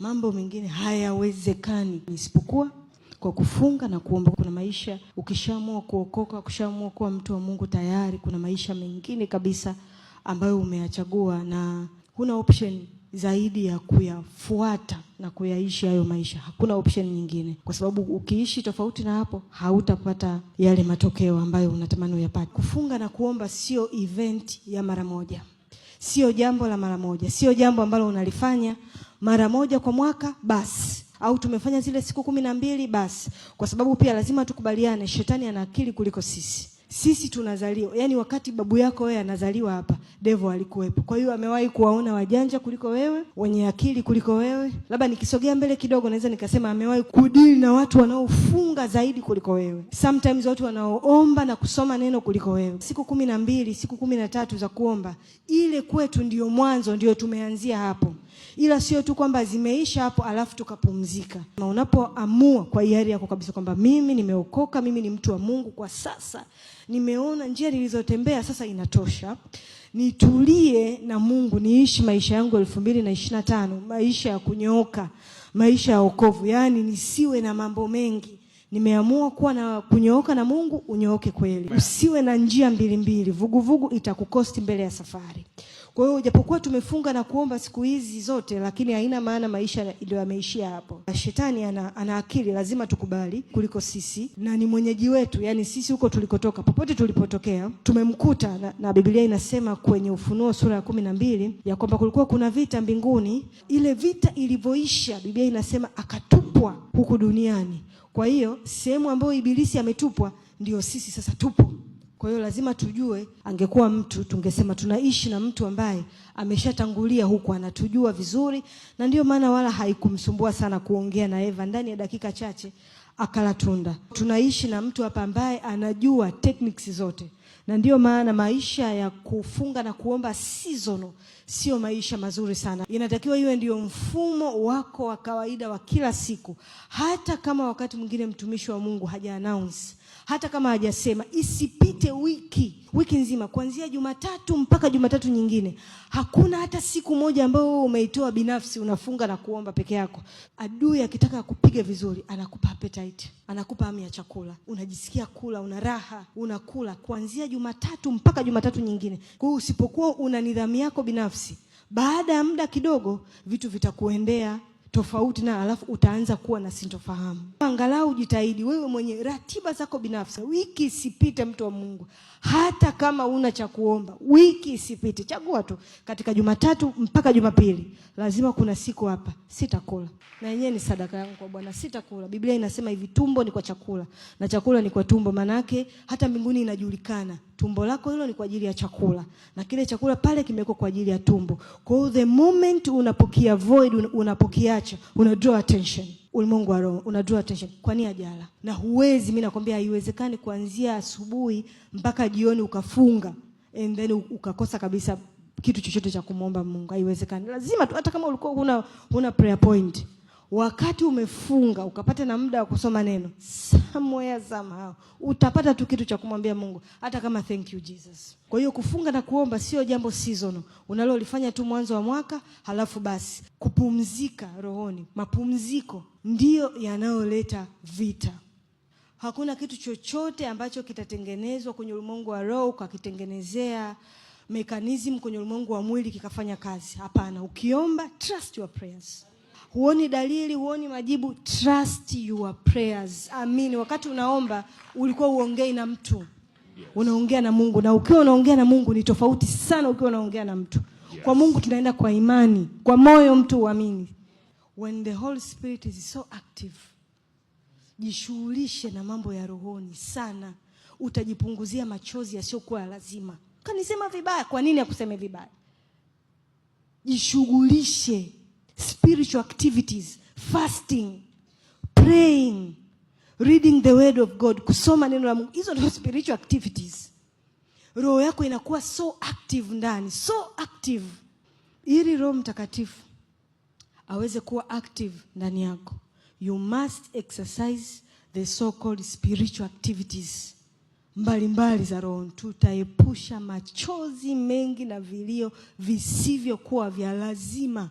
mambo mengine hayawezekani isipokuwa kwa kufunga na kuomba. Kuna maisha ukishaamua kuokoka, ukishaamua kuwa mtu wa Mungu tayari, kuna maisha mengine kabisa ambayo umeyachagua na huna option zaidi ya kuyafuata na kuyaishi hayo maisha. Hakuna option nyingine, kwa sababu ukiishi tofauti na hapo hautapata yale matokeo ambayo unatamani uyapate. Kufunga na kuomba sio event ya mara moja. Sio jambo la mara moja, sio jambo ambalo unalifanya mara moja kwa mwaka basi, au tumefanya zile siku kumi na mbili basi, kwa sababu pia lazima tukubaliane, shetani ana akili kuliko sisi. Sisi tunazaliwa, yani wakati babu yako wewe anazaliwa hapa, Devo alikuwepo. Kwa hiyo amewahi kuwaona wajanja kuliko wewe, wenye akili kuliko wewe. Labda nikisogea mbele kidogo, naweza nikasema amewahi kudili na watu wanaofunga zaidi kuliko wewe, sometimes watu wanaoomba na kusoma neno kuliko wewe. Siku kumi na mbili, siku kumi na tatu za kuomba ile kwetu ndiyo mwanzo, ndiyo tumeanzia hapo ila sio tu kwamba zimeisha hapo alafu tukapumzika. Unapoamua kwa hiari yako kabisa kwamba mimi nimeokoka, mimi ni mtu wa Mungu kwa sasa, nimeona njia nilizotembea, sasa inatosha, nitulie na Mungu, niishi maisha yangu elfu mbili na ishirini tano, maisha ya kunyooka, maisha ya okovu yaani nisiwe na mambo mengi nimeamua kuwa na kunyooka na Mungu, unyooke kweli, usiwe na njia mbili mbili. Vuguvugu itakukosti mbele ya safari. Kwa hiyo japokuwa tumefunga na kuomba siku hizi zote, lakini haina maana maisha ndio yameishia hapo. Shetani ana, ana akili, lazima tukubali kuliko sisi, na ni mwenyeji wetu. Yani sisi huko tulikotoka, popote tulipotokea tumemkuta na, na Biblia inasema kwenye Ufunuo sura ya kumi na mbili ya kwamba kulikuwa kuna vita mbinguni. Ile vita ilivyoisha, Biblia inasema akatupwa huku duniani. Kwa hiyo sehemu ambayo ibilisi ametupwa, ndio sisi sasa tupo. Kwa hiyo lazima tujue, angekuwa mtu tungesema tunaishi na mtu ambaye ameshatangulia huku, anatujua vizuri, na ndio maana wala haikumsumbua sana kuongea na Eva, ndani ya dakika chache akala tunda. Tunaishi na mtu hapa ambaye anajua techniques zote, na ndiyo maana maisha ya kufunga na kuomba sizono sio maisha mazuri sana. Inatakiwa iwe ndio mfumo wako wa kawaida wa kila siku, hata kama wakati mwingine mtumishi wa Mungu haja announce hata kama hajasema, isipite wiki wiki nzima, kuanzia Jumatatu mpaka Jumatatu nyingine, hakuna hata siku moja ambayo wewe umeitoa binafsi, unafunga na kuomba peke yako. Adui akitaka ya kupiga vizuri, anakupa appetite, anakupa hamu ya chakula, unajisikia kula, una raha, unakula kuanzia Jumatatu mpaka Jumatatu nyingine. Kwa hiyo usipokuwa una nidhamu yako binafsi, baada ya muda kidogo vitu vitakuendea tofauti na alafu utaanza kuwa na sintofahamu. Angalau jitahidi wewe mwenye ratiba zako binafsi, wiki isipite, mtu wa Mungu, hata kama una cha kuomba, wiki isipite, chagua tu katika Jumatatu mpaka Jumapili, lazima kuna siku hapa sitakula, na yenyewe ni sadaka yangu kwa Bwana, sitakula. Biblia inasema hivi, tumbo ni kwa chakula na chakula ni kwa tumbo, maanake hata mbinguni inajulikana tumbo lako hilo ni kwa ajili ya chakula na kile chakula pale kimewekwa kwa ajili ya tumbo. Kwa hiyo the moment unapokia void, unapokiacha una draw attention ulimwengu wa roho una draw attention kwa nia jala, na huwezi, mimi nakwambia haiwezekani kuanzia asubuhi mpaka jioni ukafunga and then ukakosa kabisa kitu chochote cha kumwomba Mungu, haiwezekani. Lazima tu, hata kama ulikuwa huna huna prayer point wakati umefunga ukapata na muda wa kusoma neno somewhere somehow utapata tu kitu cha kumwambia Mungu, hata kama thank you Jesus. Kwa hiyo kufunga na kuomba sio jambo seasonal unalolifanya tu mwanzo wa mwaka halafu basi. Kupumzika rohoni, mapumziko ndiyo yanayoleta vita. Hakuna kitu chochote ambacho kitatengenezwa kwenye ulimwengu wa roho ukakitengenezea mekanizmu kwenye ulimwengu wa mwili kikafanya kazi. Hapana, ukiomba trust your prayers huoni dalili, huoni majibu, trust your prayers. Amini, wakati unaomba ulikuwa uongei na mtu yes. Unaongea na Mungu, na ukiwa unaongea na Mungu ni tofauti sana ukiwa unaongea na mtu yes. Kwa Mungu tunaenda kwa imani, kwa moyo mtu uamini. When the Holy Spirit is so active, jishughulishe na mambo ya rohoni sana, utajipunguzia machozi yasiyokuwa lazima. Kanisema vibaya, kwa nini akuseme vibaya? Jishughulishe spiritual activities, fasting, praying, reading the word of God, kusoma neno la Mungu. Hizo ndio spiritual activities. Roho yako inakuwa so active ndani, so active, ili Roho Mtakatifu aweze kuwa active ndani yako. You must exercise the so called spiritual activities mbalimbali za roho. Tutaepusha machozi mengi na vilio visivyokuwa vya lazima.